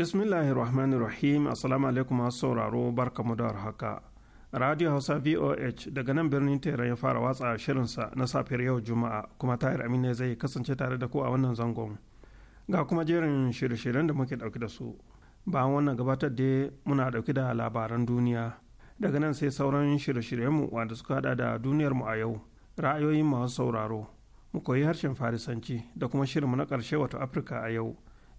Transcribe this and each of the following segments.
bismillahir rahmanir rahim assalamu alaikum masu sauraro barka mu da haka radio hausa voh daga nan birnin teran ya fara watsa shirinsa na safiyar yau juma'a kuma tahir amina zai kasance tare da ku a wannan zangon ga kuma jerin shirye-shiryen da muke dauke da su bayan wannan gabatar da muna dauke da labaran duniya daga nan sai sauran shirye-shiryenmu wanda suka hada da duniyar mu a yau ra'ayoyin masu sauraro mu koyi harshen farisanci da kuma shirinmu na karshe wato afirka a yau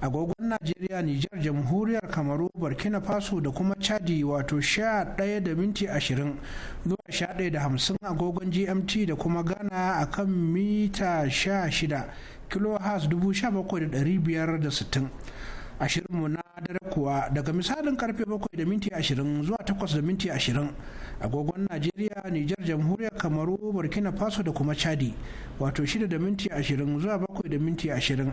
agogon najeriya nijar jamhuriyar kamaru burkina faso da kuma chadi wato ɗaya da minti ashirin zuwa sha ɗaya da hamsin agogon gmt da kuma ghana a kan mita shida dubu sha bakwai da sittin ashirinmu na dare kuwa daga misalin karfe bakwai da minti ashirin zuwa takwas da minti ashirin agogon najeriya nijar jamhuriyar kamaru burkina faso da kuma chadi wato shida da minti ashirin zuwa bakwai da minti ashirin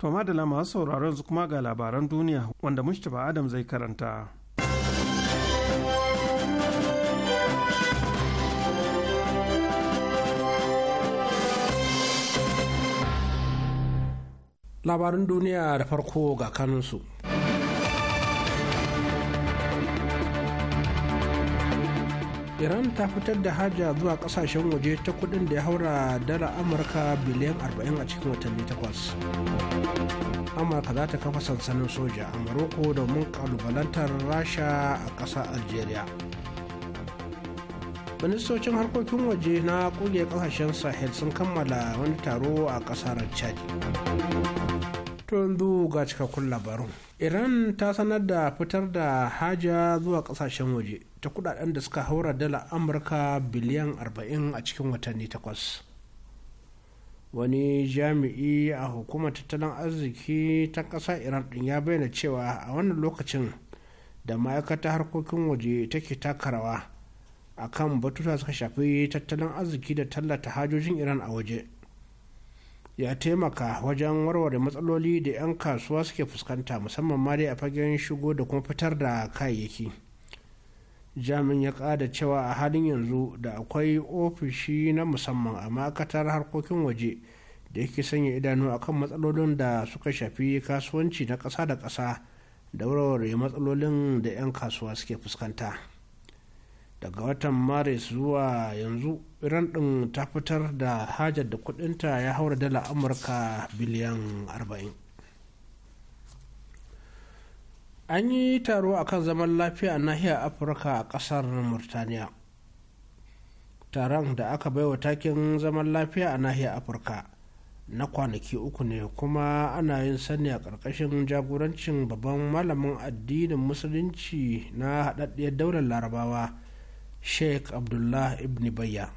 To madala masu sauraron su kuma ga labaran duniya wanda Mustapha Adam zai karanta. Labarin duniya da farko ga kanunsu. iran ta fitar da haja zuwa kasashen waje ta kudin da ya haura dala amurka biliyan 40 a cikin watanni takwas amurka za ta kafa sansanin soja a maroko domin kalubalantar rasha a ƙasa algeria ministocin harkokin waje na kuge ƙasashen sahel sun kammala wani taro a ƙasar chad to yanzu ga cikakkun labarun iran ta sanar da fitar da haja zuwa kasashen waje ta kudaden da suka haura dala amurka biliyan 40 a cikin watanni takwas wani jami'i a hukumar tattalin arziki ta kasa iran din ya bayyana cewa a wannan lokacin da ma'aikata harkokin waje take takarawa a kan batuta suka shafi tattalin arziki da tallata hajojin iran a waje ya taimaka wajen warware matsaloli da 'yan kasuwa suke fuskanta musamman ma dai a fagen shigo da kuma fitar da kayayyaki jamin ya kada cewa a halin yanzu da akwai ofishi na musamman a ma'aikatar harkokin waje da yake sanya idanu akan matsalolin da suka shafi kasuwanci na ƙasa da ƙasa da warware matsalolin da 'yan kasuwa suke fuskanta. daga watan maris zuwa yanzu iran din ta fitar da hajar da kudinta ya haura dala amurka biliyan 40 an yi taro a kan zaman lafiya a nahiyar afirka a kasar murtaniya taron da aka baiwa takin zaman lafiya a nahiyar afirka na kwanaki uku ne kuma ana yin sani a ƙarƙashin jagorancin babban malamin addinin musulunci na haɗaɗɗiyar daular larabawa sheikh abdullah ibn bayya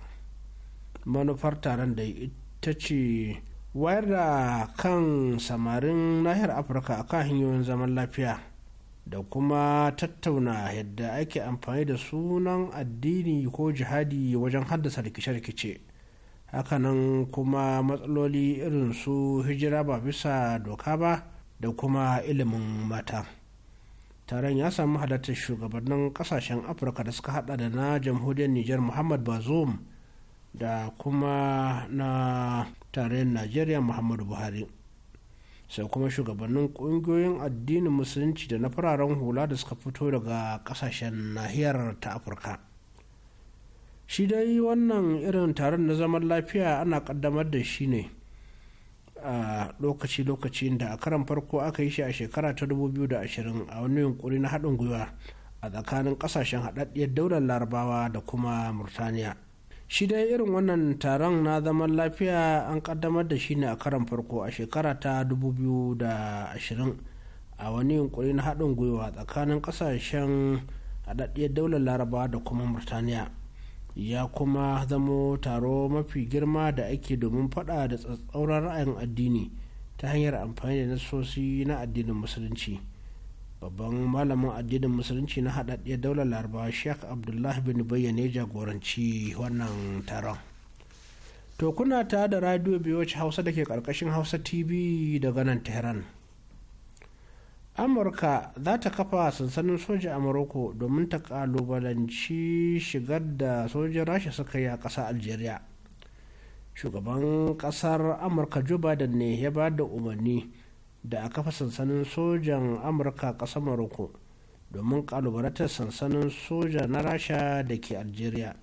manufar taron da ita ce wayar da kan samarin nahiyar afirka akan hanyoyin zaman lafiya da kuma tattauna yadda ake amfani da sunan addini ko jihadi wajen haddasa rikice-rikice hakanan kuma matsaloli irin su hijira ba bisa doka ba da kuma ilimin mata. taron ya samu halartar shugabannin kasashen afirka da suka hada da na jamhuriyar niger muhammad bazoum da kuma na tarayyar nigeria muhammadu buhari sai kuma shugabannin kungiyoyin addinin musulunci da na fararen hula da suka fito daga kasashen nahiyar ta afirka shi dai wannan irin taron na zaman lafiya ana kaddamar da shi ne a lokaci-lokacin da a karan farko aka yi shi a shekara ta 2020 a wani yunkuri na haɗin gwiwa a tsakanin ƙasashen haɗaɗɗiyar daular larabawa da kuma murtaniya shi dai irin wannan taron na zaman lafiya an ƙaddamar da shi ne a karan farko a shekara ta 2020 a wani yunkuri na haɗin gwiwa tsakanin ƙasashen haɗaɗɗiyar daular larabawa da kuma murtaniya ya kuma zamo taro mafi girma da ake domin faɗa da tsatsauran ra'ayin addini ta hanyar amfani da nasosi na addinin musulunci babban malamin addinin musulunci na haɗaɗɗiyar daular larabawa sheik abdullahi bin bayyane jagoranci wannan taron to kuna ta da radio biyu hausa da ke ƙarƙashin hausa tv daga nan tehran amurka za ta kafa sansanin soja a morocco domin ta kalubalanci shigar da sojin rasha suka yi a ƙasa algeria shugaban ƙasar amurka joe biden ne ya ba da umarni da a kafa sansanin sojan amurka ƙasar morocco domin kalubalantar sansanin soja na rasha da ke algeria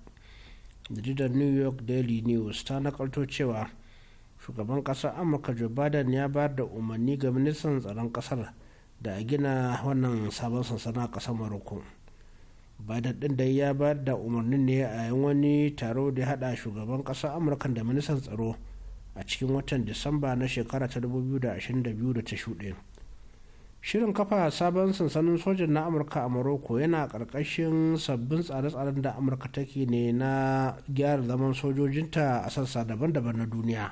jaridar new york daily news ta nakalto cewa shugaban ƙasar amurka joe biden ya ba da umarni ga ministan tsaron ƙasar da a gina wannan sabon sansana a ƙasar maroko ba ɗin da ya bayar da umarnin ne a yin wani taro da ya haɗa shugaban ƙasar amurka da ministan tsaro a cikin watan disamba na shekara ta 2022 da ta shuɗe shirin kafa sabon sansanin sojan na amurka a maroko yana ƙarƙashin sabbin tsare-tsaren da amurka take ne na gyara zaman sojojinta a sassa daban-daban na duniya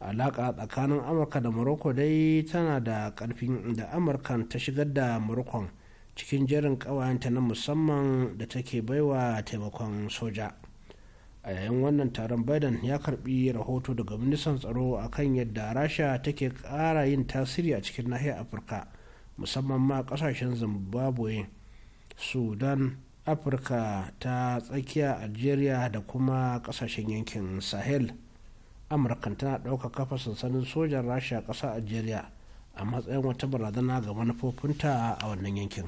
alaka tsakanin amurka da morocco dai tana da karfin da amurkan ta shigar da morocco cikin jerin ƙawayenta na musamman da take baiwa taimakon soja a yayin wannan taron biden ya karbi rahoto daga ministan tsaro akan yadda rasha take kara yin tasiri a cikin nahiyar afirka musamman ma kasashen zimbabwe sudan afirka ta tsakiya algeria da kuma kasashen yankin sahel amurkan tana ɗauka kafa sansanin sojan rasha a ƙasa algeria a matsayin wata barazana ga manufofinta a wannan yankin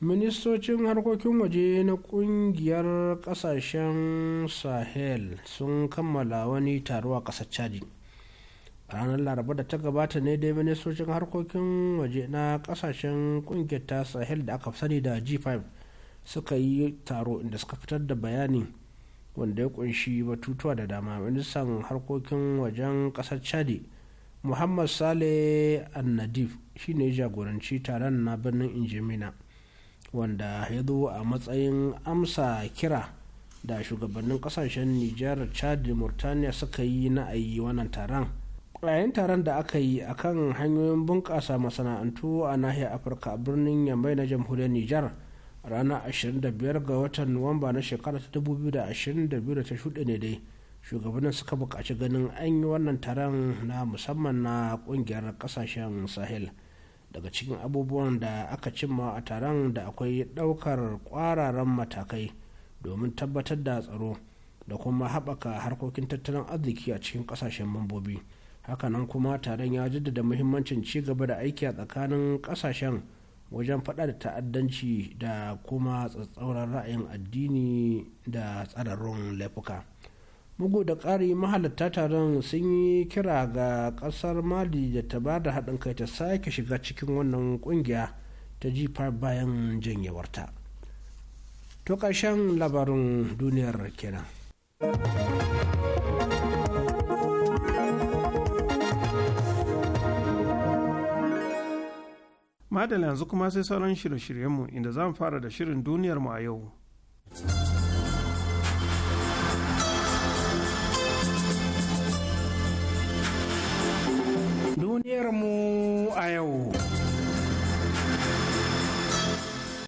ministocin harkokin waje na kungiyar kasashen sahel sun kammala wani taro a ƙasar chadi a ranar laraba da ta gabata ne dai ministocin harkokin waje na ƙasashen kungiyar ta sahel da aka sani da g5 suka yi taro inda suka fitar da bayani wanda ya kunshi batutuwa da dama ministan harkokin wajen kasar chadi muhammad saleh annadif shine jagoranci taron na birnin injimina wanda ya zo a matsayin amsa kira da shugabannin kasashen nijar chad murtaniya suka yi na ayi wannan taron yayin taron da aka yi akan hanyoyin bunƙasa masana'antu a nahiyar afirka birnin yamai na jamhuriyar nijar ranar 25 ga watan nuwamba na shekara ta 2022 ta shuɗe ne dai shugabannin suka buƙaci ganin an yi wannan taron na musamman na ƙungiyar ƙasashen sahel daga cikin abubuwan da aka cimma a taron da akwai ɗaukar ƙwararan matakai domin tabbatar da tsaro da kuma haɓaka harkokin tattalin arziki a cikin ƙasashen mambobi hakanan kuma taron ya jaddada muhimmancin ci gaba da aiki a tsakanin ƙasashen wajen faɗa da ta'addanci da kuma tsatsauran ra'ayin addini da tsararrun laifuka mugu da ƙari mahalatta taron sun yi kira ga ƙasar mali da ta ba da haɗin kai ta sake shiga cikin wannan ƙungiya ta jifa bayan janyewarta to ƙarshen labarin duniyar kenan. madala yanzu kuma sai sauran shirye-shiryenmu inda za mu fara da shirin duniyar mu a yau duniyar mu a yau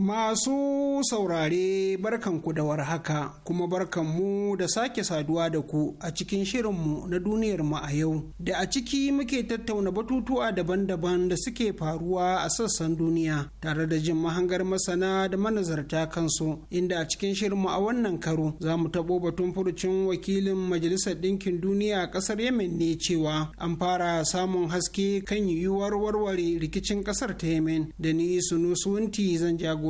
Masu saurare barkanku da warhaka kuma barkanmu da sake saduwa da ku a cikin shirinmu na duniyar mu a yau da a ciki muke tattauna batutuwa daban-daban da suke faruwa a sassan duniya tare da jin mahangar masana da manazarta kansu inda a cikin shirinmu a wannan karo za mu taɓo batun furucin wakilin majalisar ɗinkin duniya a ƙasar Yemen ne cewa an fara samun haske kan yiwuwar warware rikicin ƙasar ta Yemen da ni Sunusuwunti zan jagora.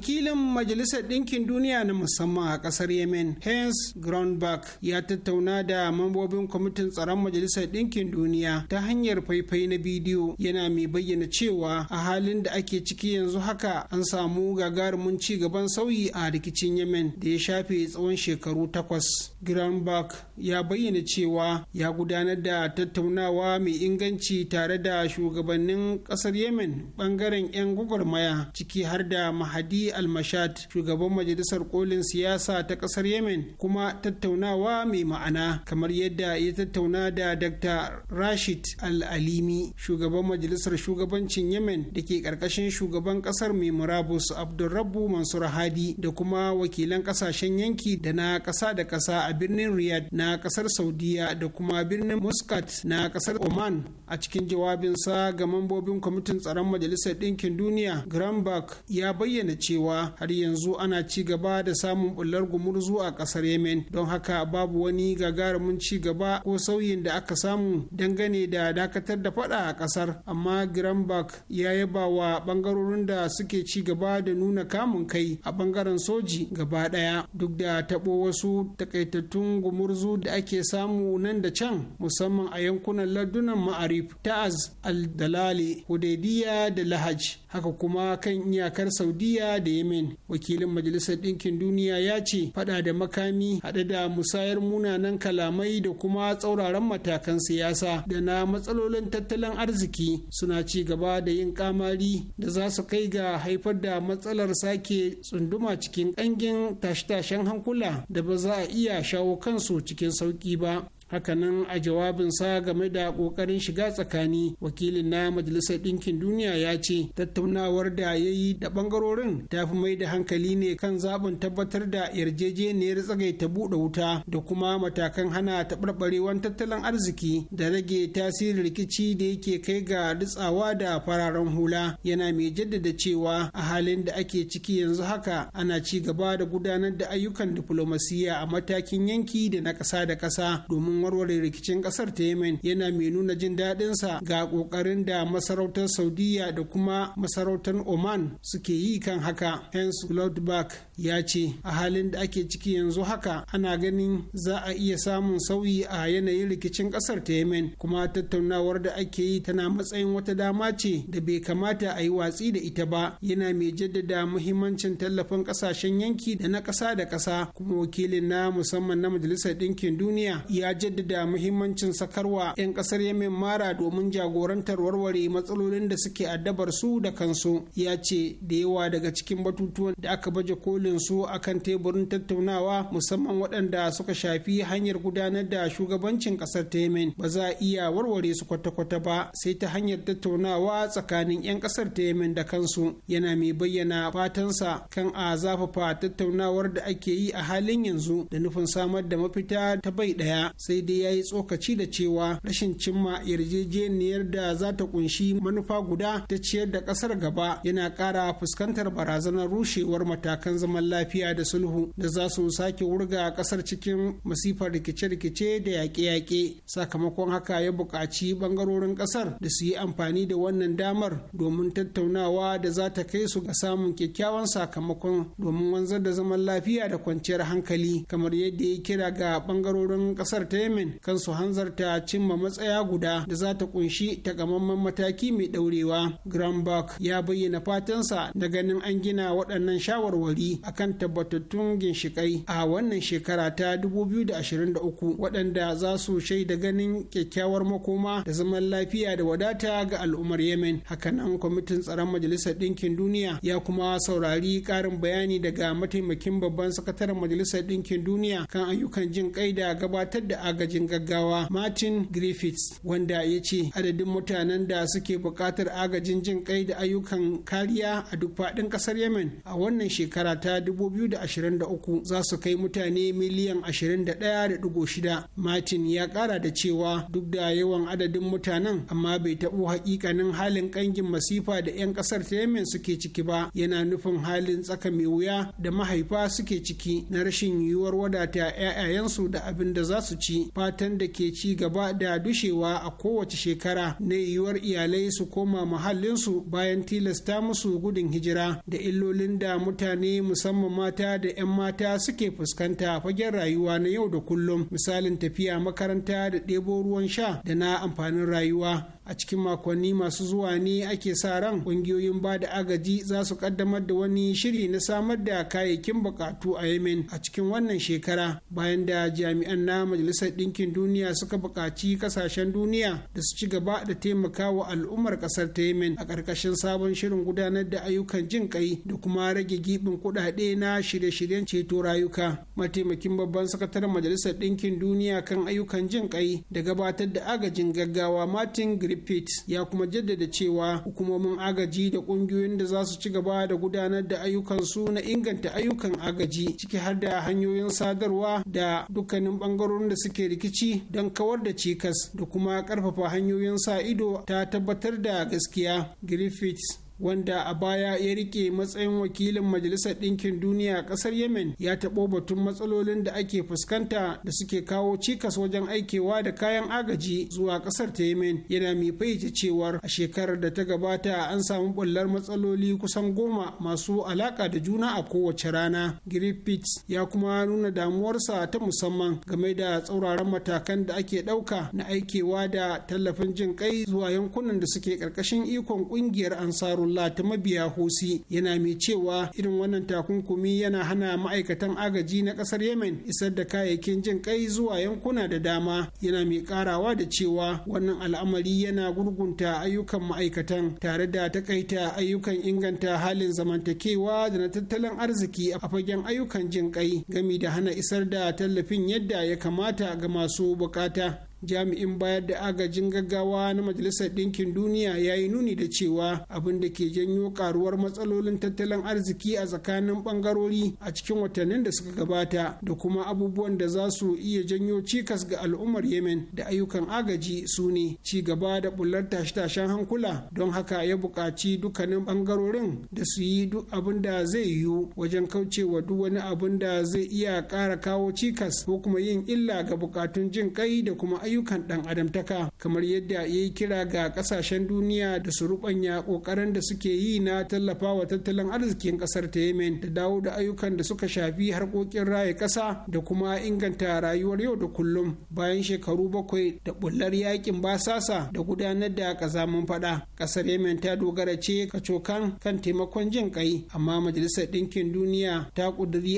wakilin majalisar ɗinkin duniya na musamman a ƙasar yemen hans groundberg ya tattauna da mambobin kwamitin tsaron majalisar ɗinkin duniya ta hanyar faifai na bidiyo yana mai bayyana cewa a halin da ake ciki yanzu haka an samu gagarumin ci gaban sauyi a rikicin yemen da ya shafe tsawon shekaru takwas groundberg ya bayyana cewa ya gudanar da tattaunawa mai inganci tare da shugabannin ƙasar yemen ɓangaren 'yan gwagwarmaya ciki har da mahadi al almashad shugaban majalisar kolin siyasa ta kasar yemen kuma tattaunawa mai ma'ana kamar yadda ya tattauna da dr rashid al-alimi shugaban majalisar shugabancin yemen da ke karkashin shugaban kasar mai murabus abdulrabu mansur hadi da kuma wakilan kasashen yanki da na kasa da kasa a birnin riyadh na kasar saudiya da kuma birnin muscat na kasar oman a cikin jawabinsa ga mambobin kwamitin tsaron majalisar ɗinkin duniya grambach ya bayyana cewa cewa har yanzu ana ci gaba da samun bullar gumurzu a kasar yemen don haka babu wani gagarumin ci gaba ko sauyin da aka samu dangane da dakatar da fada a kasar amma grambach ya yaba wa bangarorin da suke ci gaba da nuna kamun kai a bangaren soji gaba daya duk da tabo wasu takaitattun gumurzu da ake samu nan da can musamman a yankunan ladunan ma'arif ta'az al-dalali hudaydiya da lahaj haka kuma kan iyakar saudiya da da yemen wakilin majalisar ɗinkin duniya ya ce fada da makami haɗe da musayar munanan kalamai da kuma tsauraran matakan siyasa da na matsalolin tattalin arziki suna ci gaba da yin kamari da za su kai ga haifar da matsalar sake tsunduma cikin ƙangin tashe-tashen hankula da ba za a iya shawo kansu cikin sauƙi ba hakanan a jawabinsa game da kokarin shiga tsakani wakilin na majalisar ɗinkin duniya ya ce tattaunawar da ya yi da ɓangarorin ta fi mai da hankali ne kan zaɓin tabbatar da yarjejeniyar tsagaita buɗe wuta da kuma matakan hana taɓarɓarewan tattalin arziki da rage tasirin rikici da yake kai ga ritsawa da fararen hula yana mai jaddada cewa a halin da ake ciki yanzu haka ana ci gaba da gudanar da ayyukan diflomasiyya a matakin yanki da na ƙasa da ƙasa domin warware rikicin kasar ta yemen yana mai nuna jin daɗinsa ga ƙoƙarin da masarautar saudiya da kuma masarautar oman suke yi kan haka hans lodberg ya ce a halin da ake ciki yanzu haka ana ganin za a iya samun sauyi a yanayin rikicin kasar ta yemen kuma tattaunawar da ake yi tana matsayin wata dama ce da bai kamata a yi watsi da ita ba yana mai jaddada muhimmancin tallafin kasashen yanki da na ƙasa da ƙasa kuma wakilin na musamman na majalisar ɗinkin duniya ya yadda da muhimmancin sakarwa 'yan kasar yemen mara domin jagorantar warware matsalolin da suke addabar su da kansu ya ce da yawa daga cikin batutuwan da aka baje kolin su akan teburin tattaunawa musamman waɗanda suka shafi hanyar gudanar da shugabancin kasar ta yemen ba za a iya warware su kwata-kwata ba sai ta hanyar tattaunawa tsakanin 'yan kasar ta yemen da kansu yana mai bayyana fatansa kan a zafafa tattaunawar da ake yi a halin yanzu da nufin samar da mafita ta bai ɗaya sai sai dai ya yi tsokaci da cewa rashin cimma yarjejeniyar da za ta kunshi manufa guda ta ciyar da kasar gaba yana kara fuskantar barazanar rushewar matakan zaman lafiya da sulhu da za su sake wurga kasar cikin masifar rikice-rikice da yaƙe-yaƙe sakamakon haka ya buƙaci bangarorin kasar da su yi amfani da wannan damar domin tattaunawa da za ta kai su ga samun kyakkyawan sakamakon domin wanzar da zaman lafiya da kwanciyar hankali kamar yadda ya kira ga bangarorin kasar ta yemen kan su hanzarta cimma matsaya guda da za ta kunshi takamaiman mataki mai daurewa grambach ya bayyana fatansa da ganin an gina waɗannan shawarwari akan tabbatattun ginshikai a wannan shekara ta 2023 waɗanda za su shaida ganin kyakkyawar makoma da zaman lafiya da wadata ga al'ummar yemen hakanan kwamitin tsaron majalisar ɗinkin duniya ya kuma saurari ƙarin bayani daga mataimakin babban sakataren majalisar ɗinkin duniya kan ayyukan jin kai da gabatar da agajin gaggawa martin griffiths wanda ya ce adadin mutanen da suke buƙatar agajin jin kai da ayyukan kariya a duk faɗin ƙasar yemen a wannan shekara ta 2023 za su kai mutane miliyan 21.6 martin ya ƙara da cewa duk da yawan adadin mutanen amma bai taɓo hakikanin halin ƙangin masifa da 'yan ƙasar ta yamen suke ciki ba yana nufin halin tsaka mai wuya da mahaifa suke ciki na rashin yiwuwar wadata 'ya'yayensu da abin da za su ci fatan da ke ci gaba da dushewa a kowace shekara na yiwuwar iyalai su koma muhallinsu bayan tilasta musu gudun hijira da illolin da mutane musamman mata da 'yan mata suke fuskanta fagen rayuwa na yau da kullum misalin tafiya makaranta da ɗebo ruwan sha da na amfanin rayuwa a cikin makonni masu zuwa ne ake sa ran kungiyoyin ba da agaji za su kaddamar da wani shiri na samar da kayayyakin bukatu a yemen a cikin wannan shekara bayan da jami'an na majalisar ɗinkin duniya suka buƙaci ƙasashen duniya da su ci gaba da wa al'ummar ƙasar ta yemen a ƙarƙashin sabon shirin gudanar da ayyukan jin kai da kuma rage giɓin kuɗaɗe na shirye-shiryen ceto rayuka mataimakin babban sakataren majalisar ɗinkin duniya kan ayyukan jin kai da gabatar da agajin gaggawa martin grip Pitt ya kuma jaddada cewa hukumomin agaji da kungiyoyin da za su ci gaba da gudanar da ayyukan su na inganta ayyukan agaji ciki har da hanyoyin sadarwa da dukkanin bangarorin da suke rikici don kawar da cikas da kuma karfafa hanyoyin sa ido ta tabbatar da gaskiya. Griffiths wanda a baya ya rike matsayin wakilin majalisar ɗinkin duniya a ƙasar yemen ya taɓo batun matsalolin da ake fuskanta da suke kawo cikas wajen aikewa da kayan agaji zuwa ƙasar ta yemen yana mai fahimta cewar a shekarar da ta gabata an samu ɓullar matsaloli kusan goma masu alaƙa da juna a kowace rana griffiths ya kuma nuna damuwarsa ta musamman game da tsauraran matakan da ake ɗauka na aikewa da tallafin jin kai zuwa yankunan da suke ƙarƙashin ikon ƙungiyar ansaru Allah ta mabiya hosi yana mai cewa irin wannan takunkumi yana hana ma'aikatan agaji na ƙasar yemen isar da kayayyakin jin kai zuwa yankuna da dama yana mai karawa da cewa wannan al'amari yana gurgunta ayyukan ma'aikatan tare da takaita ayyukan inganta halin zamantakewa da na tattalin arziki a fagen ayyukan jin kai gami da hana isar da tallafin yadda ya kamata ga masu bukata jami'in bayar da agajin gaggawa na majalisar ɗinkin duniya ya yi nuni da cewa abin da ke janyo karuwar matsalolin tattalin arziki a tsakanin bangarori a cikin watannin da suka gabata da kuma abubuwan da za su iya janyo cikas ga al'ummar yemen da ayyukan agaji su ne ci gaba da bular tashe-tashen hankula don haka ya buƙaci dukkanin bangarorin da su yi duk abin da zai yiwu wajen kaucewa duk wani abin da zai iya ƙara kawo cikas ko kuma yin illa ga bukatun jin kai da kuma ayyukan ɗan adamtaka kamar yadda ya yi kira ga ƙasashen duniya da su rubanya ƙoƙarin da suke yi na tallafawa tattalin arzikin ƙasar ta yemen da dawo da ayyukan da suka shafi harkokin raye ƙasa da kuma inganta rayuwar yau da kullum bayan shekaru bakwai da bullar yakin basasa da gudanar da ƙazamin faɗa ƙasar yemen ta dogara ce ka cokan kan taimakon jin ƙai amma majalisar ɗinkin duniya ta a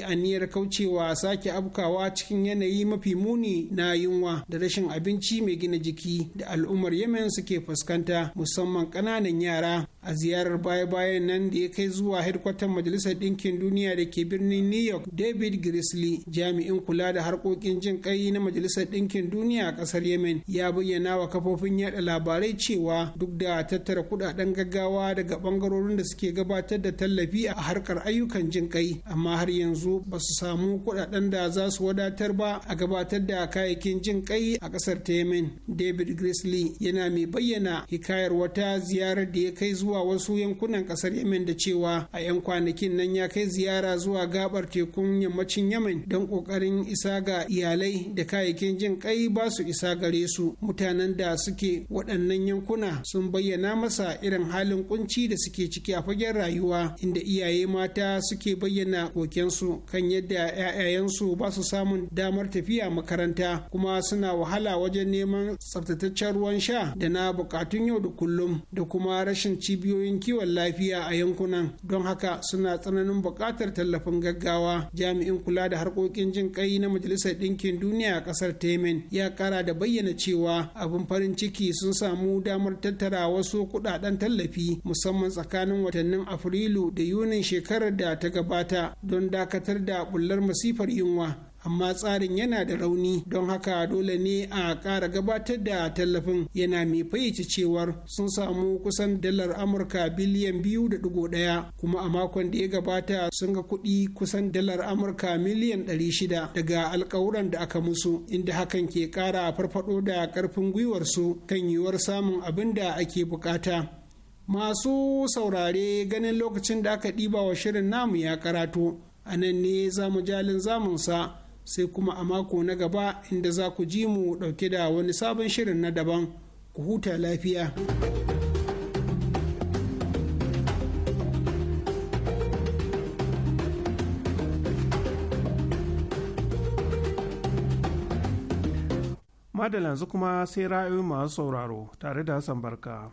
aniyar kaucewa sake afkawa cikin yanayi mafi muni na yunwa da rashin abinci abinci mai gina jiki da al'ummar yemen suke fuskanta musamman ƙananan yara a ziyarar baya-bayan nan da ya kai zuwa hedkwatar majalisar ɗinkin duniya da ke birnin new york david grizzly jami'in kula da harkokin jin kai na majalisar ɗinkin duniya a ƙasar yemen ya bayyana wa kafofin yada labarai cewa duk da tattara kudaden gaggawa daga bangarorin da suke gabatar da tallafi a harkar ayyukan jin kai amma har yanzu ba su samu kudaden da za su wadatar ba a gabatar da kayayyakin jin kai a ƙasar ta yemen david grizzly yana mai bayyana hikayar wata ziyarar da ya kai zuwa zuwa wasu yankunan kasar yemen da cewa a 'yan kwanakin nan ya kai ziyara zuwa gabar tekun yammacin yemen don kokarin isa ga iyalai da kayayyakin jin kai ba su isa gare su mutanen da suke waɗannan yankuna sun bayyana masa irin halin kunci da suke ciki a fagen rayuwa inda iyaye mata suke bayyana kokensu kan yadda 'ya'yayensu ba su samun damar tafiya makaranta kuma suna wahala wajen neman tsaftataccen ruwan sha da na bukatun yau da kullum da kuma rashin cibiyar cibiyoyin kiwon lafiya a yankunan don haka suna tsananin buƙatar tallafin gaggawa jami'in kula da harkokin jin kai na majalisar ɗinkin duniya a ƙasar temen ya ƙara da bayyana cewa abin farin ciki sun samu damar tattara wasu kuɗaɗen tallafi musamman tsakanin watannin afrilu da yunin shekarar da ta gabata don dakatar da bullar masifar yunwa amma tsarin yana da rauni don haka dole ne a ƙara gabatar da tallafin yana mai fayyace cewar sun samu kusan dalar amurka biliyan biyu da dugo ɗaya kuma a makon da ya gabata sun ga kuɗi kusan dalar amurka miliyan ɗari shida daga alkawuran da aka musu inda hakan ke ƙara farfaɗo da ƙarfin gwiwarsu kan yiwuwar samun abin da ake buƙata. masu saurare ganin lokacin da aka ɗiba wa shirin namu ya karatu a nan ne zamu jalin zamunsa sai kuma a mako na gaba inda za ku ji mu ɗauke da wani sabon shirin na daban ku huta lafiya. madalla yanzu kuma sai ra'ayoyin masu sauraro tare da hassan barka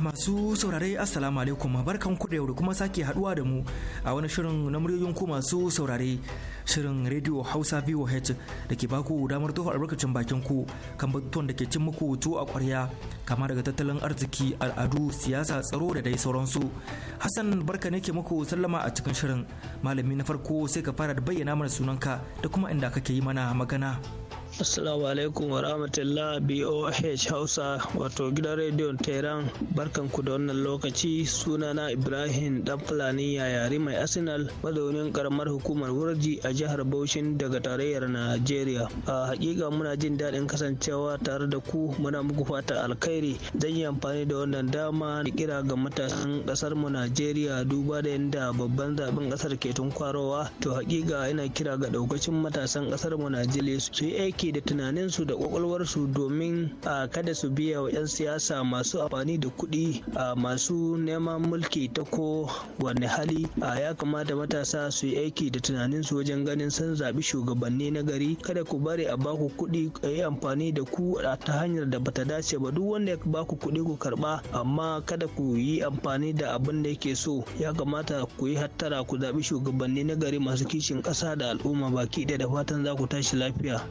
masu saurare Assalamu alaikum barkan ku da yau da kuma sake haduwa da mu a wani shirin na muryoyin ku masu saurare shirin Radio Hausa VOH da ke baku damar tofa albarkacin bakin ku kan batutuwan da ke cin muku tuwo a kwarya kama daga tattalin arziki al'adu siyasa tsaro da dai sauransu. Hassan barka ne ke muku sallama a cikin shirin malami na farko sai ka fara da bayyana mana sunanka da kuma inda kake yi mana magana. Assalamu alaikum wa rahmatullah BOH Hausa wato gidan rediyon Tehran ku da wannan lokaci sunana Ibrahim dan Fulani yayari mai Arsenal mazaunin karamar hukumar Wurji a jihar Bauchi daga tarayyar Najeriya. A hakika muna jin daɗin kasancewa tare da ku muna muku fata alkhairi zan yi amfani da wannan dama da kira ga matasan kasar mu Najeriya duba da yadda babban zaben ƙasar ke tunkwarowa to hakika ina kira ga daukacin matasan kasar mu Najeriya su yi aiki da tunaninsu da kwakwalwarsu domin a kada su biya wa 'yan siyasa masu amfani da kuɗi a masu neman mulki ta ko wani hali A ya kamata matasa su yi aiki da tunaninsu wajen ganin sun zaɓi shugabanni na gari kada ku bari a baku kuɗi a yi amfani da ku ta hanyar da bata dace ba duk wanda ya baku kuɗi ku karɓa amma kada ku yi amfani da abin da yake so ya kamata ku yi hattara ku zaɓi shugabanni na gari masu kishin ƙasa da al'umma baki ɗaya da fatan za ku tashi lafiya.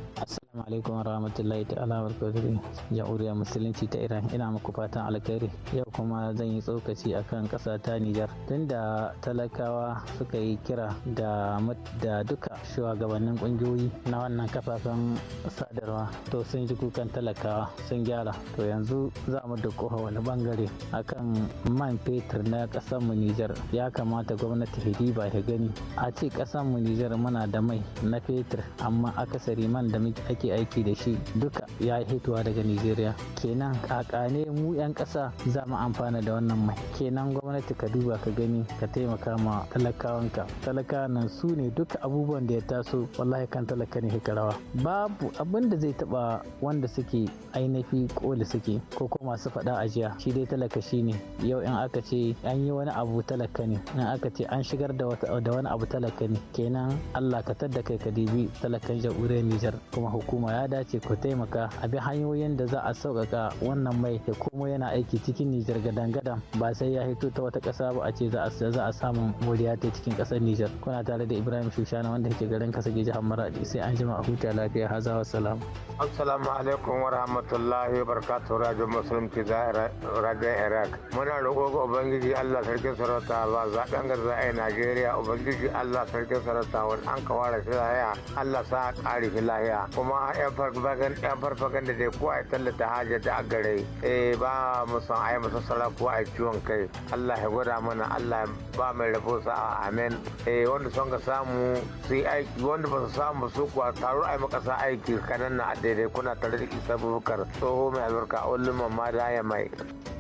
Assalamu alaikum wa rahmatullahi ta'ala wa barakatuhu. Jamhuriyar Musulunci ta Iran ina muku fatan alkhairi. Yau kuma zan yi tsokaci akan ƙasa ta Nijar. Tunda talakawa suka yi kira da da duka shugabannin ƙungiyoyi na wannan kafafen sadarwa to sun ji kukan talakawa sun gyara. To yanzu za mu da kowa wani bangare akan man fetur na ƙasar mu Nijar. Ya kamata gwamnati ba ta gani. A ce ƙasar mu Nijar muna da mai na fetur amma akasari man da muke ake aiki da shi duka ya hitowa daga nigeria kenan kakane mu 'yan ƙasa za mu amfana da wannan mai kenan gwamnati ka duba ka gani ka taimaka ma talakawanka talaka nan su ne duka abubuwan da ya taso wallahi kan talaka ne rawa babu abin da zai taba wanda suke ainihi koli suke ko ko masu faɗa ajiya shi dai talaka shi ne yau in aka ce an yi wani abu talaka ne in aka ce an shigar da wani abu talaka ne kenan allah ka tadda kai ka dibi talakan jamhuriyar nijar kuma hukumar hukuma ya dace ku taimaka a bi hanyoyin da za a sauƙaƙa wannan mai ya komo yana aiki cikin Nijar gadan-gadan ba sai ya hito ta wata ƙasa ba a ce za a samu moriya ta cikin ƙasar Nijar. Kuna tare da Ibrahim Shushana wanda ke garin Kasage jihar Maradi sai an jima a huta lafiya hazawa salam. Assalamu alaikum wa rahmatullahi wa barakatuh Radio Muslim ke Radio Iraq. Muna roƙo ga Ubangiji Allah sarki sarauta ba zaɓen garza a Najeriya Ubangiji Allah sarki sarauta wani an kawara shi lahiya Allah sa ƙari shi lahiya kuma kuma yan farfaganda dai ko a tallata haja da agare eh ba mu san ai masa sala ko ai ciwon kai Allah ya gwada mana Allah ba mai rabo sa amen eh wanda son ga samu su aiki wanda ba su samu su kuwa taro ai makasa aiki kanan na daidai kuna tare da isa bukar tsoho mai albarka ulun mamma da ya mai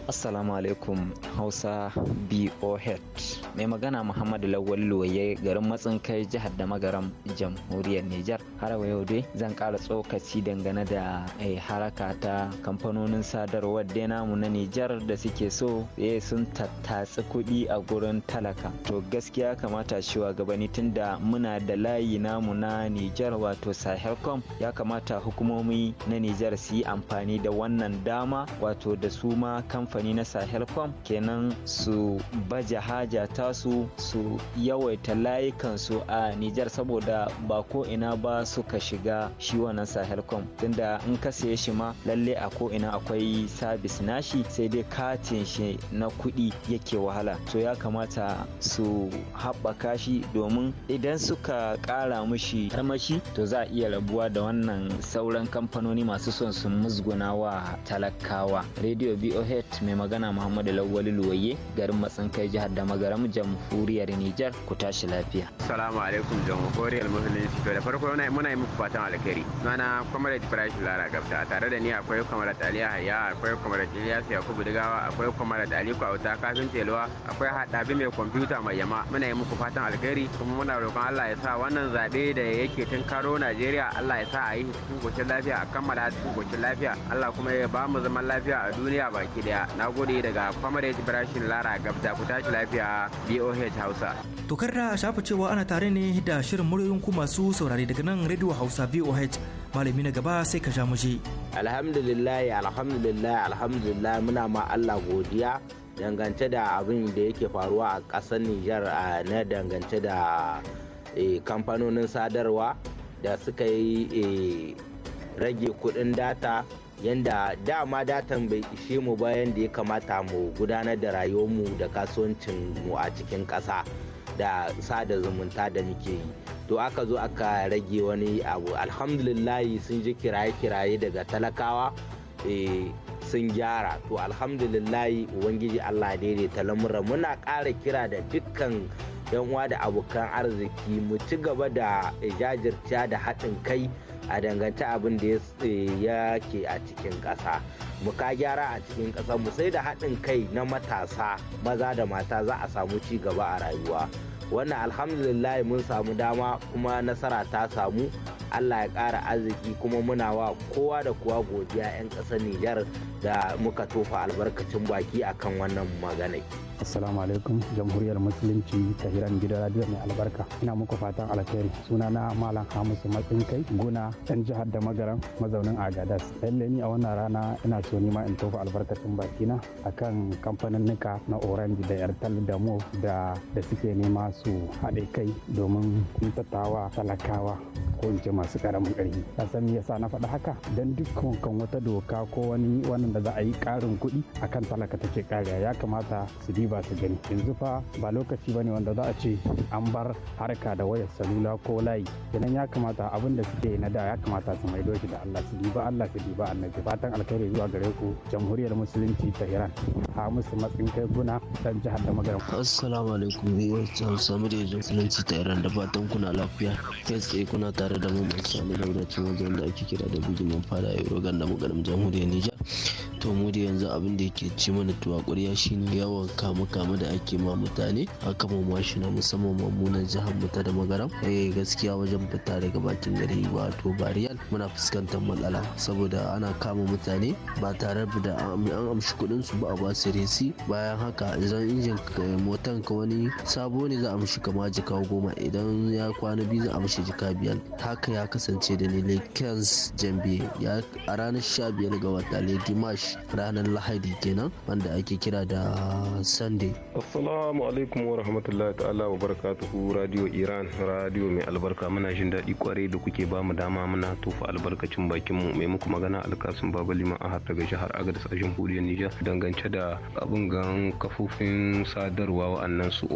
Assalamu alaikum Hausa BOH. Mai magana Muhammadu Lawal Loye garin matsin kai jihar da magaram jamhuriyar Nijar. har wa yau dai zan ƙara tsokaci dangane da eh, haraka ta kamfanonin sadarwar dai namu na Nijar da suke so eh sun tattatsi kuɗi a gurin talaka to gaskiya kamata shugabanni tunda muna da layi namu na Nijar wato Sahelcom ya kamata hukumomi na Nijar su yi amfani da wannan dama wato da su ma kamfani na Sahelcom kenan su baje haja tasu su yawaita layukansu a Nijar saboda ba ko ina ba suka shiga shi wannan sahelcom tunda in ka saye shi ma lalle a ko ina akwai sabis nashi sai dai katin shi na kuɗi yake wahala to ya kamata su haɓaka shi domin idan suka ƙara mishi armashi to za a iya rabuwa da wannan sauran kamfanoni masu son su musguna wa talakawa radio boh mai magana muhammadu lawali luwaye garin kai jihar da magaram jamhuriyar nijar ku tashi lafiya salamu alaikum jamhuriyar musulunci da farko muna yi muku fatan alkhairi sunana comrade Ibrahim Lara Gabta tare da ni akwai comrade Ali Yahaya akwai comrade Ilyas Yakubu Digawa akwai comrade Ali Kwauta Kafin Telwa akwai haɗabi mai kwamfuta mai yama muna yi muku fatan alkhairi kuma muna roƙon Allah ya sa wannan zaɓe da yake tun karo Najeriya Allah ya sa a yi cikin gocin lafiya a kammala cikin gocin lafiya Allah kuma ya ba mu zaman lafiya a duniya baki daya gode daga comrade Ibrahim Lara Gabta ku tashi lafiya BOH Hausa tokar da da shafa cewa ana tare ne da shirin muryoyin ku masu saurari daga nan radio hausa voh malami na gaba sai ka ja alhamdulillah alhamdulillah alhamdulillah muna ma allah godiya dangance da abin da yake faruwa a ƙasar nijar na dangance da e, kamfanonin sadarwa da suka yi e, rage kudin data yanda dama datan bai ishe mu bayan da ya kamata mu gudanar da rayuwarmu da kasuwancin mu a cikin ƙasa da sada zumunta da muke yi to aka zo aka rage wani abu alhamdulillahi sun ji kiraye-kiraye daga talakawa eh, sun gyara to alhamdulillahi ubangiji allah daidaita lamura muna ƙara kira da dukkan yan uwa da abokan arziki mu ci gaba da jajirta da haɗin kai a dangance abin da ya eh, ke a cikin ƙasa buka gyara a cikin ƙasar mu sai da haɗin kai na matasa maza da mata za a samu ci gaba a rayuwa wannan alhamdulillah mun samu dama kuma nasara ta samu allah ya kara arziki kuma muna wa kowa da kowa godiya 'yan ƙasar nijar da muka tofa albarkacin baki akan wannan maganai. Assalamu alaikum jamhuriyar musulunci ta hiran gida radio mai albarka ina muku fatan alkhairi suna na malam hamisu matsin kai guna dan jihar da magaran mazaunin agadas lalle ni a wannan rana ina so ni ma in tofa albarkacin bakina akan kamfanin nika na orange da yartal da mo da da suke nema su haɗe kai domin kuntatawa talakawa ko in ce masu ƙaramin ƙarfi san me yasa na faɗa haka dan dukkan kan wata doka ko wani wannan da za a yi ƙarin kuɗi akan talaka take ƙariya ya kamata su diba su gani yanzu fa ba lokaci bane wanda za a ce an bar harka da wayar salula ko layi idan ya kamata abin da suke na da ya kamata su maido shi da Allah su diba Allah su diba annabi fatan alkhairi zuwa gare ku jamhuriyar musulunci ta Iran ha musu matsin kai guna dan jihar da magana assalamu alaikum da muryar Musulunci ta Iran da fatan kuna lafiya. Kai tsaye kuna tare da mu mai da daudacin wajen da ake kira da bijimin fara a Eurogan da maganin jamhuriyar Nijar. To mu da yanzu abin da yake ci mana tuwa ƙwarya shine yawan kama-kama da ake ma mutane haka mu mashi na musamman mamunan jihar mu ta da magaram. Eh gaskiya wajen fita daga bakin gari wato bariyal muna fuskantar matsala saboda ana kama mutane ba tare da an amshi kuɗin su ba a ba resi bayan haka idan injin motan ka wani sabo ne za a amshi kama jika goma idan ya kwana biyu zan amshi jika biyar haka ya kasance da ni lekens jambe a ranar sha biyar ga wata lady march ranar lahadi kenan wanda ake kira da sunday assalamu alaikum wa rahmatullahi ta'ala wa barakatuhu radio iran radio mai albarka muna jin daɗi kwarai da kuke ba mu dama muna tufa albarkacin bakin mu mai muku magana alkasun liman a har daga jihar agadis a jamhuriyar nijar dangance da abin gan kafofin sadarwa wa'annan su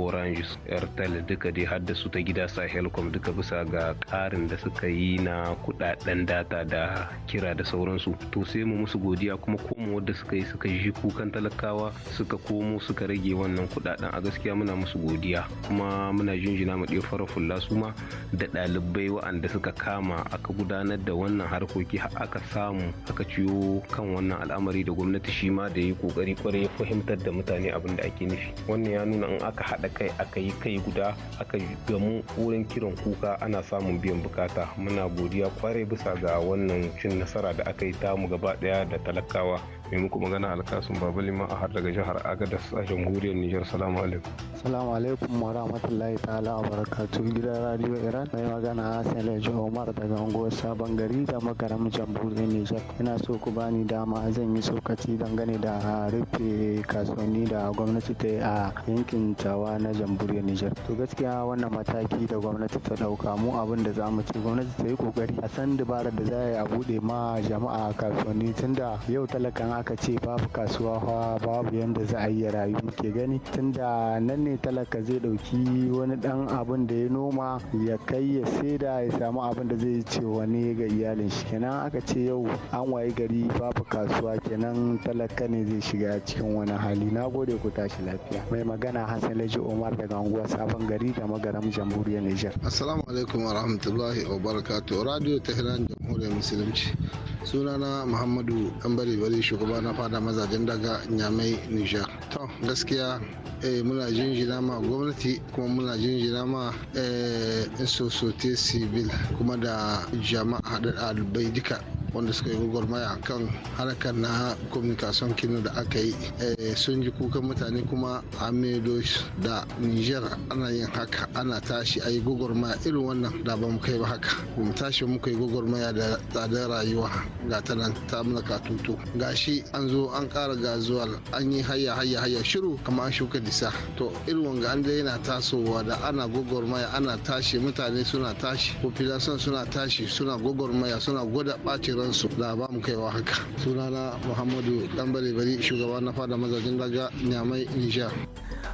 yar airtel duka dai har da su ta gida Helcom duka bisa ga karin da suka yi na kudaden data da kira da sauransu to sai mu musu godiya kuma komo wadda suka yi suka ji kukan talakawa suka komo suka rage wannan kudaden a gaskiya muna musu godiya kuma muna jinjina mu fara fulla su ma da ɗalibai wa'anda suka kama aka gudanar da wannan harkoki aka samu aka ciyo kan wannan al'amari da gwamnati shi ma da yi kokari kwarai fahimtar da mutane abin da ake nufi wannan ya nuna in aka haɗa kai aka yi kai guda aka gamu wurin kiran kuka ana samun biyan bukata muna godiya kwarai bisa ga wannan cin nasara da aka yi tamu gaba daya da talakawa mai muku magana alkasun baba liman a daga jihar agada a jamhuriyar nijar salamu alaikum salamu alaikum wa rahmatullahi ta'ala wa barakatun gidan radio iran mai magana hassan laji omar daga unguwar sabon gari da makaram jamhuriyar nijar ina so ku bani dama zan yi sokaci dangane da rufe kasuwanni da gwamnati ta yi a yankin tawa na jamhuriyar nijar to gaskiya wannan mataki da gwamnati ta dauka mu abin da za mu ce gwamnati ta yi kokari a san dabarar da za a yi a bude ma jama'a kasuwanni tunda yau talakan aka ce babu kasuwa fa babu yanda za a yi rayu muke gani tunda nan ne talaka zai ɗauki wani dan abin da ya noma ya kai ya saida ya samu abin da zai ce wani ga iyalin shi kenan aka ce yau an wayi gari babu kasuwa kenan talaka ne zai shiga cikin wani hali na gode ku tashi lafiya mai magana hassan laji umar daga unguwar sabon gari da magaram jamhuriyar niger assalamu alaikum wa rahmatullahi wa barakatuh radio tehran jamhuriyar musulunci sunana muhammadu dan bari shugaban shugaba na fada mazajen daga nyamai nijar to gaskiya eh, muna jinjina ma gwamnati kuma muna jinjina ma eh, sosote civil kuma da jama'a da ɗalibai duka wanda suka yi gwagwarmaya kan harkar na communication kino da aka yi eh, sun ji kukan mutane kuma amedos da niger ana yin haka ana tashi a yi gwagwarmaya irin wannan da ba mu kai ba haka mu tashi muka yi gwagwarmaya da tsadar rayuwa ga ta nan ta mulka tutu gashi gashi an zo an kara gazuwal an yi hayya hayya hayya shiru kamar an shuka disa to irin wanga an dai yana tasowa da ana gwagwarmaya ana tashi mutane suna tashi population suna tashi suna gwagwarmaya suna gwada bacin ransu da ba mu kaiwa haka sunana muhammadu dan bari shugaba na fada mazajin daga nyamai nisha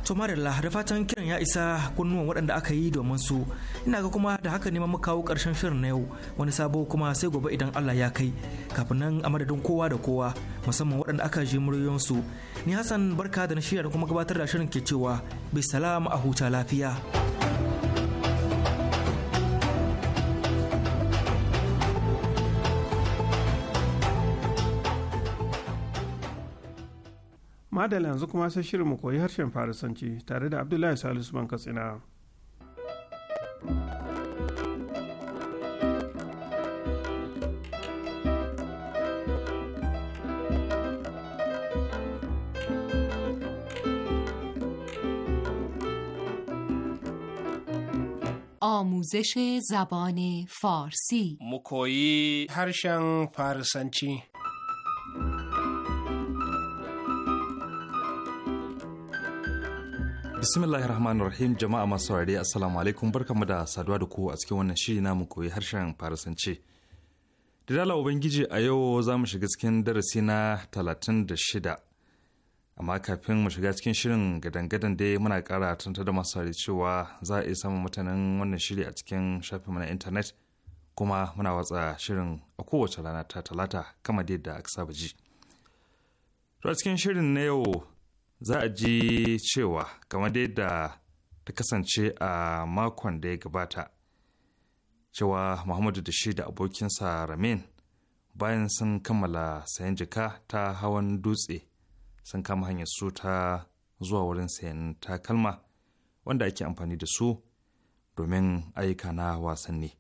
to marilla da fatan kiran ya isa kunnuwan waɗanda aka yi domin su ina ga kuma da haka ne mu kawo ƙarshen shirin na yau wani sabo kuma sai gobe idan allah ya kai kafin nan a madadin kowa da kowa musamman waɗanda aka je muryoyinsu ni hassan barka da na shirya da kuma gabatar da shirin ke cewa bai salama a huta lafiya madal yanzu kuma sai shirin mu koyi harshen farisanci tare da abdullahi salisu ban katsina آموزش زبان فارسی mukoyi هرشن فارسنچی bismillahi rahmanir rahim jama'a masu saurare assalamu alaikum barkamu da saduwa da ku a cikin wannan shiri namu koyi harshen farisanci da dala ubangiji a yau za mu shiga cikin darasi na 36 amma kafin mu shiga cikin shirin gadangadan gadan dai muna kara tuntar da masu cewa za a iya samun mutanen wannan shiri a cikin shafin na intanet kuma muna watsa shirin a kowace rana ta talata kama dai da aka saba ji. a cikin shirin na yau za a ji cewa kamar dai da ta kasance a makon da ya gabata cewa muhammadu da shi da abokinsa ramin bayan sun kammala sayan jika ta hawan dutse sun kama hanyar su ta zuwa wurin sayan takalma wanda ake amfani da su domin ayyuka na wasanni.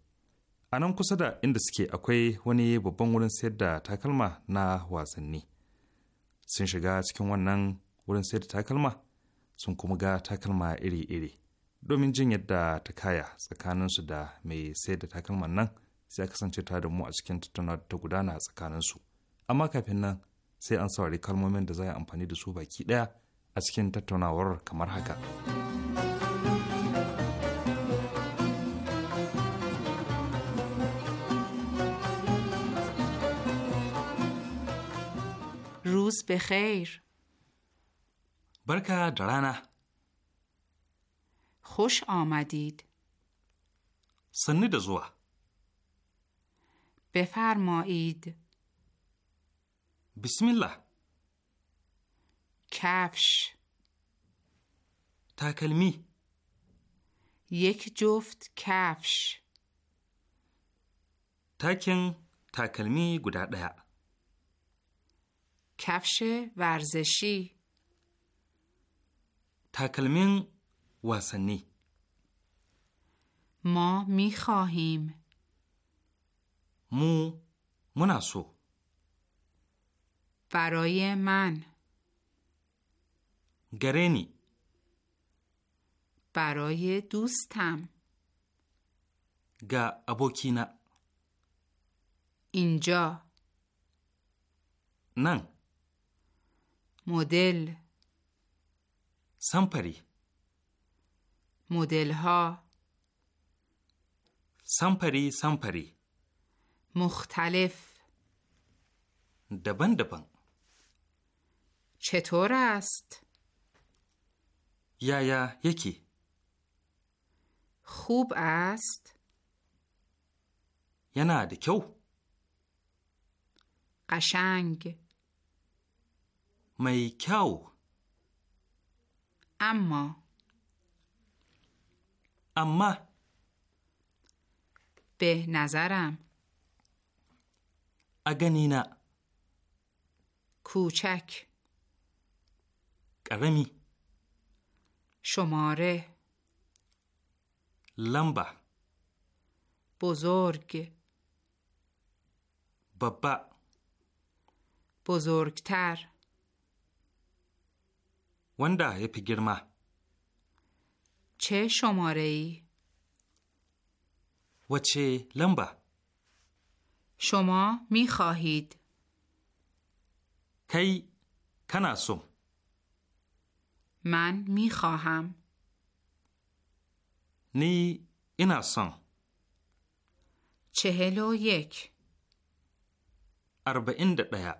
A nan kusa da inda suke akwai wani babban wurin sayar da takalma na wasanni. Sun shiga cikin wannan wurin sayar da takalma sun kuma ga takalma iri-iri. Domin jin yadda ta kaya tsakaninsu da mai sayar da takalman nan sai kasance ta da mu a cikin tattauna ta gudana tsakaninsu. Amma kafin nan sai an saurari kalmomin da za a amfani da su baki ɗaya a cikin tattaunawar kamar haka. Rus Bekhair. Barka da rana. Khush Ahmadid. Sanni da zuwa. Befarmaid. farmaid. بسم الله کفش تاکلمی یک جفت کفش تاکن تاکلمی گده کفش ورزشی تاکلمین واسنی ما می خواهیم مو مناسو برای من گرینی برای دوستم گا ابوکینا اینجا نن مدل سامپری مدل ها سامپری سامپری مختلف دبن دبن چطور است؟ یا یا یکی خوب است؟ یا نه قشنگ می اما اما به نظرم اگنینا کوچک ƙarami شماره لمبه بزرگ بابا بزرگتر وندا یا گرما چه شماره ای؟ و چه لمبه؟ شما می خواهید کی کناسم من می خواهم. نی این اصان چهل و یک این ده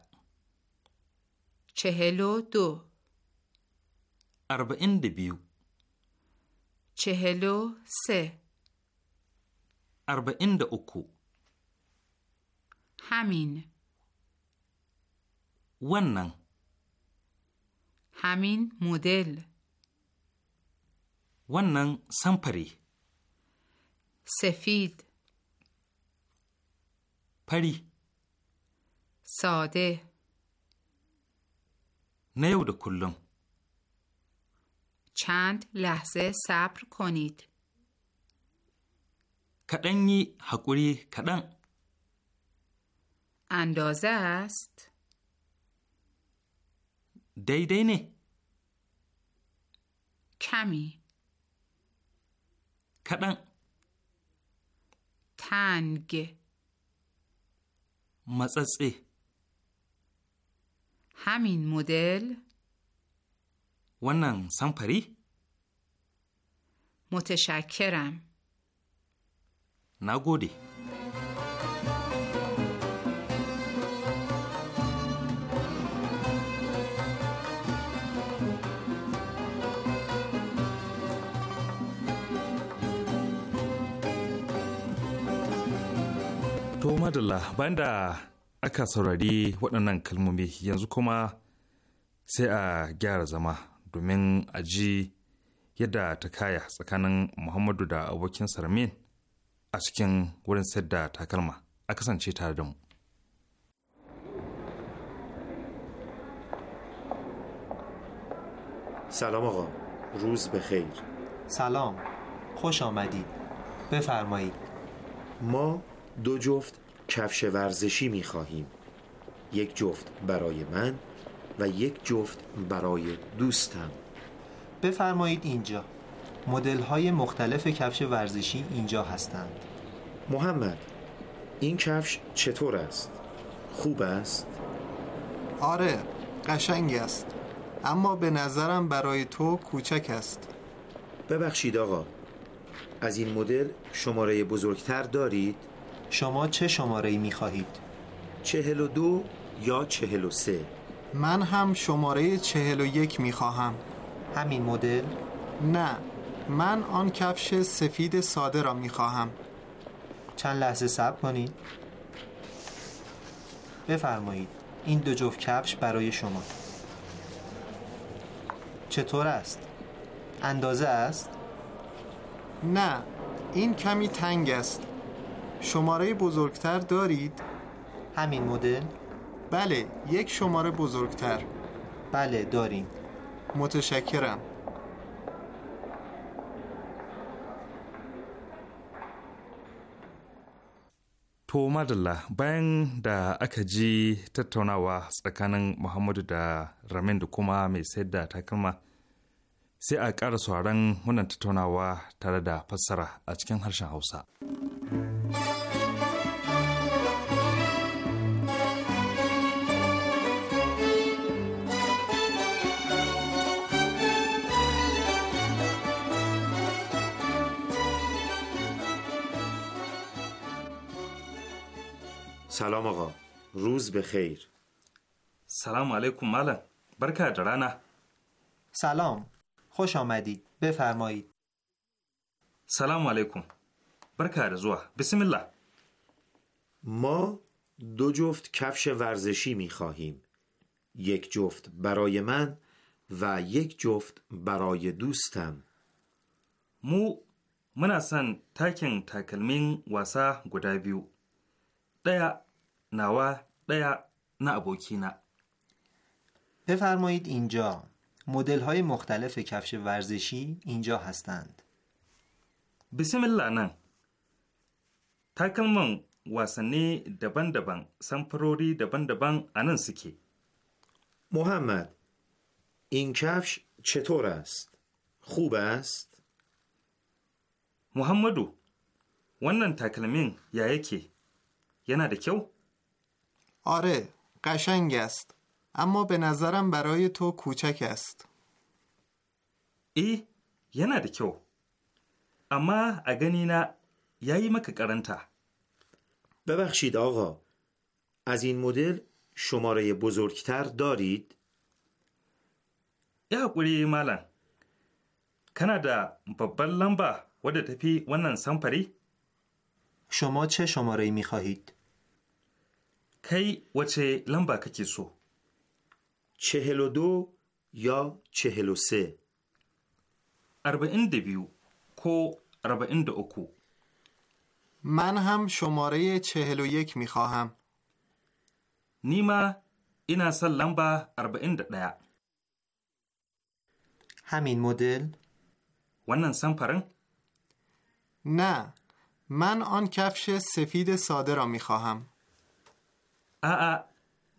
چهل و دو اربعین این بیو چهل و سه اربعین این اکو همین ونن همین مدل ونن سمپری سفید پری ساده نیود کلم چند لحظه صبر کنید کدن یی حقوری کدن اندازه است daidai ne? Kami. Kaɗan. Tange. Matsatse. Hamin model. Wannan samfari? na gode madalla bayan da aka saurari waɗannan kalmomi yanzu kuma sai a gyara zama domin a ji yadda ta kaya tsakanin muhammadu da abokin sarmin a cikin wurin sayar takalma a kasance tare da mu سلام آقا روز بخیر سلام خوش آمدید بفرمایید ما دو جفت کفش ورزشی می خواهیم یک جفت برای من و یک جفت برای دوستم بفرمایید اینجا مدل های مختلف کفش ورزشی اینجا هستند محمد این کفش چطور است؟ خوب است؟ آره قشنگ است اما به نظرم برای تو کوچک است ببخشید آقا از این مدل شماره بزرگتر دارید؟ شما چه شماره ای می خواهید؟ چهل و دو یا چهل و سه من هم شماره چهل و یک می خواهم همین مدل؟ نه من آن کفش سفید ساده را می خواهم چند لحظه صبر کنید بفرمایید این دو جفت کفش برای شما چطور است؟ اندازه است؟ نه این کمی تنگ است شماره بزرگتر دارید؟ همین مدل؟ بله یک شماره بزرگتر بله داریم متشکرم To madalla bayan da aka ji tattaunawa tsakanin Muhammadu da Ramin da kuma mai sayar da takalma sai a ƙara sauraron wannan tattaunawa tare da fassara a cikin harshen Hausa. سلام آقا روز به خیر سلام علیکم مالا برکت رانا سلام خوش آمدید بفرمایید سلام علیکم برکه رزوه بسم الله ما دو جفت کفش ورزشی می خواهیم یک جفت برای من و یک جفت برای دوستم مو من اصلا تاکن تاکلمین واسا guda دیا نوا دیا بفرمایید اینجا مدل های مختلف کفش ورزشی اینجا هستند. بسم الله نه تکلمان واسه دبند دبند سپروری دبند دبند محمد، این کفش چطور است؟ خوب است. محمدو، ونه تکلمین یکی یه ندی آره، قشنگ است. اما به نظرم برای تو کوچک است. ای، یه ندی اما او؟ اما اگرینا یایی مک قرنته ببخشید آقا از این مدل شماره بزرگتر دارید؟ یا قولی مالن کنه دا ببل لمبا وده تپی ونن سمپری؟ شما چه شماره می خواهید؟ کی وچه لمبا ککی سو؟ چهل و دو یا چهل و سه؟ اربعین دبیو کو اربعین دو من هم شماره چهل و یک می خواهم. نیما این اصل لمبه اربعین همین مدل؟ ونن سمپرن؟ نه من آن کفش سفید ساده را می خواهم. آآ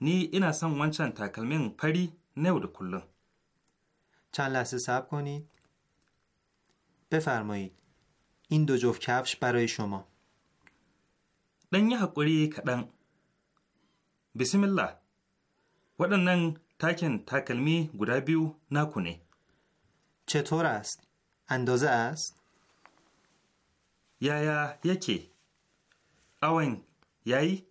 نی اینا سن ونچن تاکلمین پری نود کلن. چند لحظه صبر کنید. بفرمایید. این دو جفت کفش برای شما. ɗan yi haƙuri kaɗan. Bismillah, waɗannan takin takalmi guda biyu naku ne. Cetoras, andozas? Yaya yake, awan yayi?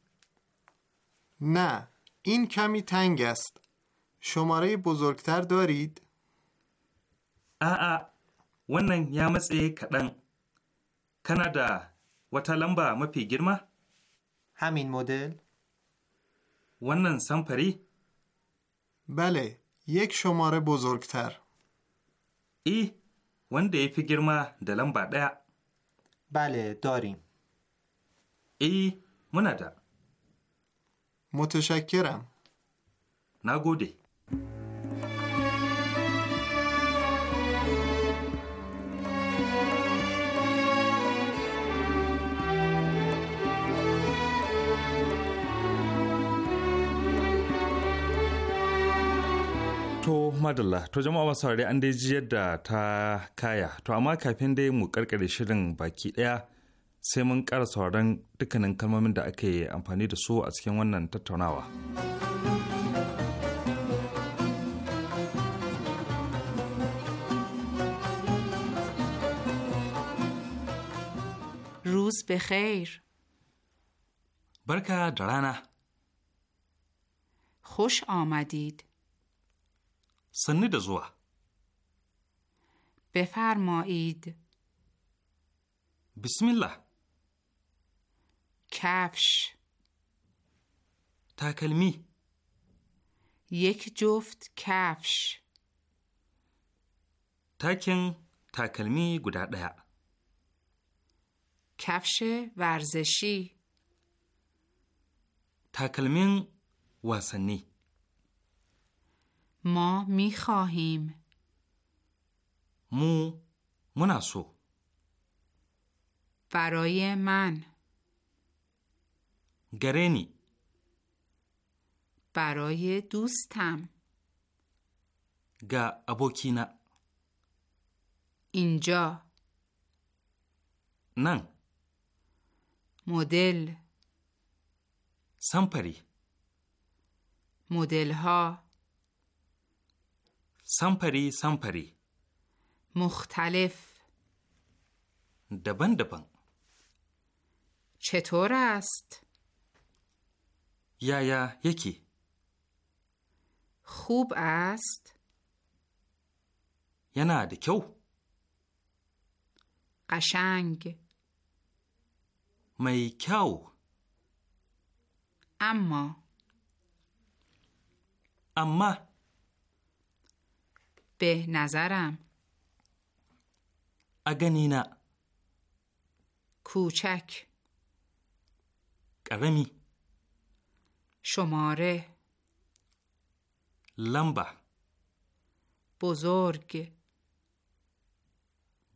Na, in kami tang است. bozorktar dorid? A'a, wannan ya matse kaɗan. Kana da wata lamba mafi girma? همین مدل؟ ونن سمپری؟ بله یک شماره بزرگتر ای ونده دی گرما دلم باده. بله داریم ای منده متشکرم نگودی madalla to jama'a masu saurari an dai ji yadda ta kaya to amma kafin dai mu karkare shirin baki daya sai mun ƙara sauran dukkanin kalmomin da aka yi amfani da su a cikin wannan tattaunawa. Bekhair. barka da rana. Khush Amadid. سنی د زوا بفرمایید بسم الله کفش تاکلمی یک جفت کفش تاکن تاکلمی گدا کفش ورزشی تاکلمین واسنی ما می خواهیم مو مناسو برای من گرینی برای دوستم گا ابوکینا اینجا نن مدل سامپری. مدل ها سمپری سمپری مختلف دبن دبن چطور است؟ یا یا یکی خوب است؟ یا نه دکو قشنگ میکو اما اما به نظرم اگنینا کوچک قرمی شماره لمبه بزرگ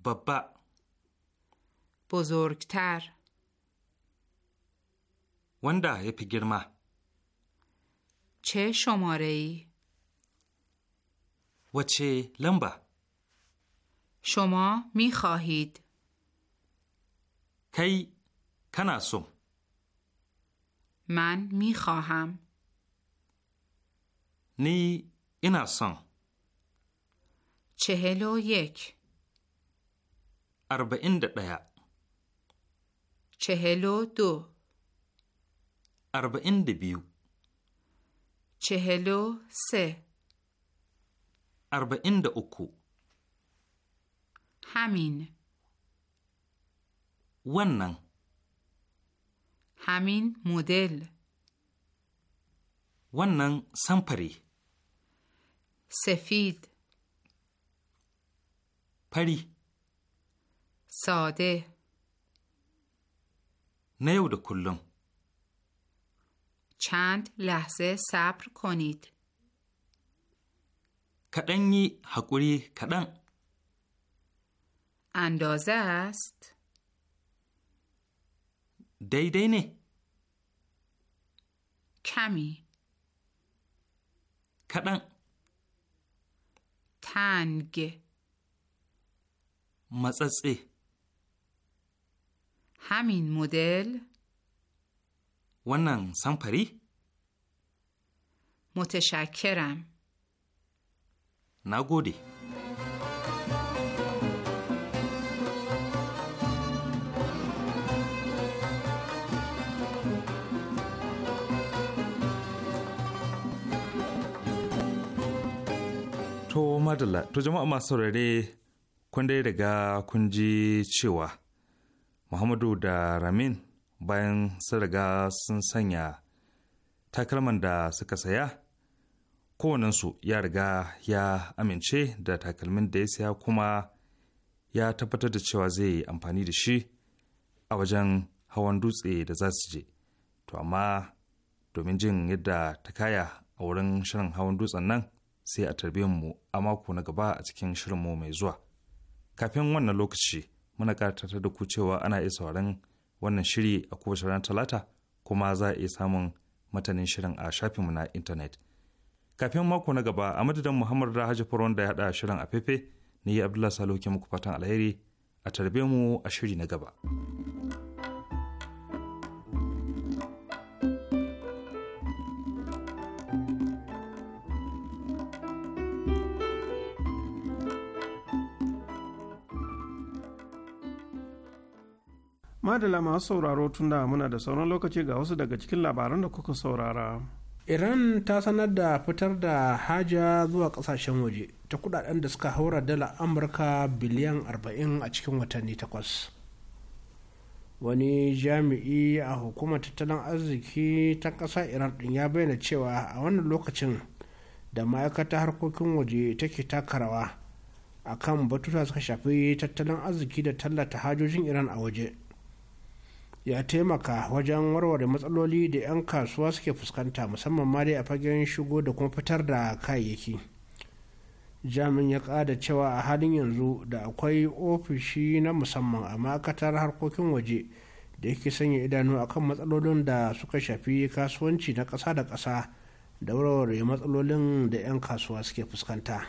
بابا بزرگتر وندا یه گرما چه شماره ای؟ وچه چه لمبه شما می خواهید کی کناسم من می خواهم نی ایناسان چهل و یک اربعین دقیق چهل و دو اربعین بیو چهل و سه اربعین اکو همین ونن همین مدل ونن سمپری سفید پری ساده نیود کلم چند لحظه صبر کنید kaɗan yi haƙuri kaɗan. Andoza Daidai ne. Kami. Kaɗan. Tange. Matsatse. Hamin model. Wannan samfari? Mutashakiram. Na gode. To madalla, to jama'a masu saurare kun dai daga kun ji cewa Muhammadu da Ramin bayan sun riga sun sanya takalman da suka saya kowanensu ya riga ya amince da takalmin da ya saya kuma ya tabbatar da cewa zai yi amfani da shi a wajen hawan dutse da za su je to amma domin jin yadda ta kaya a wurin shirin hawan dutsen nan sai a tarbe mu a mako na gaba a cikin shirin mu mai zuwa kafin wannan lokaci muna karatar da ku cewa ana iya sauran wannan shiri a kowace ranar talata kuma za a iya samun matanin shirin a shafinmu na intanet kafin mako na gaba a madadin muhammad rahaji furon da ya hada shirin a fefe ni abdullahi salo ke muku fatan alheri a tarbe mu a shiri na gaba. madala masu sauraro tunda muna da sauran lokaci ga wasu daga cikin labaran da kuka saurara. iran ta sanar da fitar da haja zuwa kasashen waje ta kudaden da suka haura dala amurka biliyan 40 a cikin watanni takwas wani jami'i a hukumar tattalin arziki ta kasa iran din ya bayyana cewa a wannan lokacin da ma'aikata harkokin waje take takarawa a kan batuta suka shafi tattalin arziki da tallata hajojin iran a waje ya taimaka wajen warware matsaloli da 'yan kasuwa suke fuskanta musamman ma dai a fagen shigo da kuma fitar da kayayyaki jami'in ya kada cewa a halin yanzu da akwai ofishi na musamman a ma'aikatar harkokin waje da yake sanya idanu akan matsalolin da suka shafi kasuwanci na ƙasa da ƙasa da warware matsalolin da 'yan kasuwa suke fuskanta.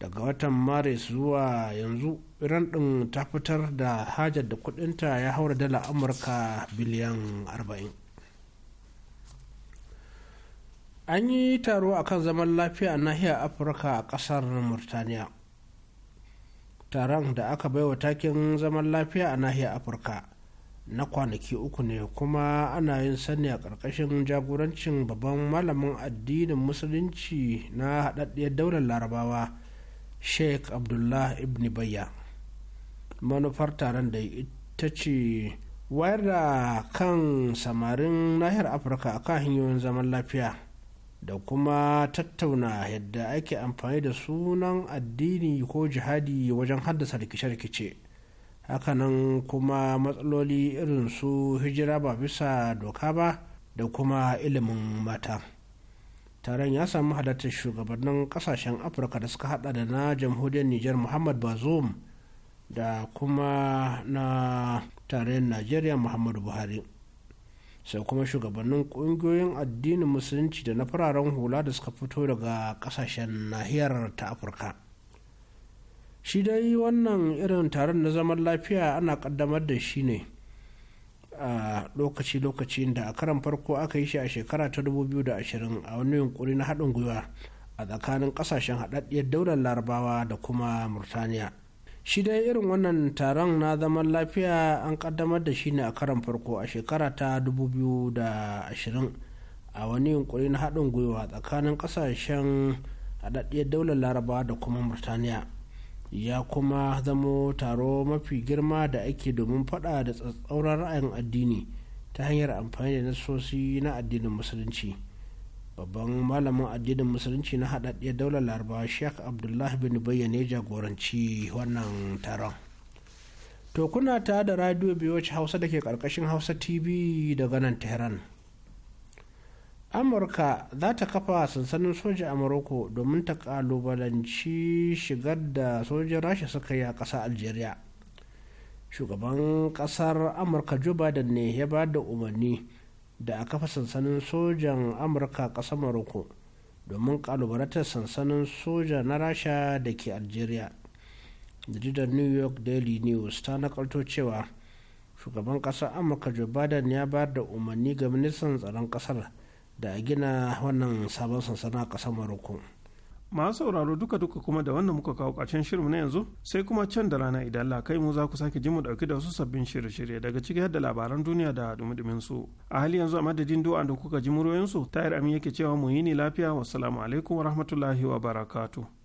daga watan maris zuwa yanzu iran din ta fitar da hajar da kudinta ya haura dala amurka biliyan 40 an yi taro a kan zaman lafiya a nahiyar afirka a kasar murtaniya taron da aka baiwa takin zaman lafiya a nahiyar afirka na kwanaki uku ne kuma ana yin sani a ƙarƙashin jagorancin babban malamin addinin musulunci na haɗaɗɗiyar daular larabawa sheikh abdullah ibn bayya manufar taron da ita ce wayar da kan samarin nahiyar afirka a kan hanyoyin zaman lafiya da kuma tattauna yadda ake amfani da sunan addini ko jihadi wajen haddasa rikice-rikice hakanan kuma matsaloli irin su hijira ba bisa doka ba da kuma ilimin mata. taron ya samu halartar shugabannin kasashen afirka da suka hada da na jamhuriyar niger muhammad bazoum da kuma na tarayyar nigeria muhammadu buhari sai kuma shugabannin kungiyoyin addinin musulunci da na fararen hula da suka fito daga kasashen nahiyar ta afirka shi dai wannan irin taron na zaman lafiya ana kaddamar da shi ne a lokaci-lokacin da a karan farko aka yi shi a shekara ta 2020 a wani yunkuri na haɗin gwiwa a tsakanin ƙasashen haɗaɗɗiyar daular larabawa da kuma murtaniya shi dai irin wannan taron na zaman lafiya an ƙaddamar da shi ne a karan farko a shekara ta 2020 a wani yunkuri na haɗin gwiwa tsakanin ƙasashen haɗaɗɗiyar daular larabawa da kuma murtaniya ya kuma zamo taro mafi girma da ake domin fada da tsatsauran ra'ayin addini ta hanyar amfani da nasosi na addinin musulunci babban malamin addinin musulunci na haɗaɗɗiyar daular laraba sheikh abdullahi bin bayyane jagoranci wannan taron to kuna ta da radio biyoci hausa da ke ƙarƙashin hausa tv daga nan tehran amurka za ta kafa sansanin soja a morocco domin ta kalubalanci shigar da sojin rasha suka yi a ƙasa algeria shugaban kasar amurka joe biden ne ya ba da umarni da a kafa sansanin sojan amurka ƙasar morocco domin kalubalantar sansanin soja na rasha da ke algeria jaridar new york daily news ta nakalto cewa shugaban kasar amurka joe biden ya ba da umarni ga ministan tsaron kasar. da a gina wannan sabon sansana a ƙasar maroko masu sauraro duka duka kuma da wannan muka kawo ƙarshen shirin na yanzu sai kuma can da rana idan Allah kai mu za ku sake ji mu dauki da wasu sabbin shirye-shirye daga ciki da labaran duniya da dumudumin su a hali yanzu a madadin du'a da kuka ji muryoyin su tayar amin yake cewa mu yi ni lafiya wassalamu alaikum wa barakatu.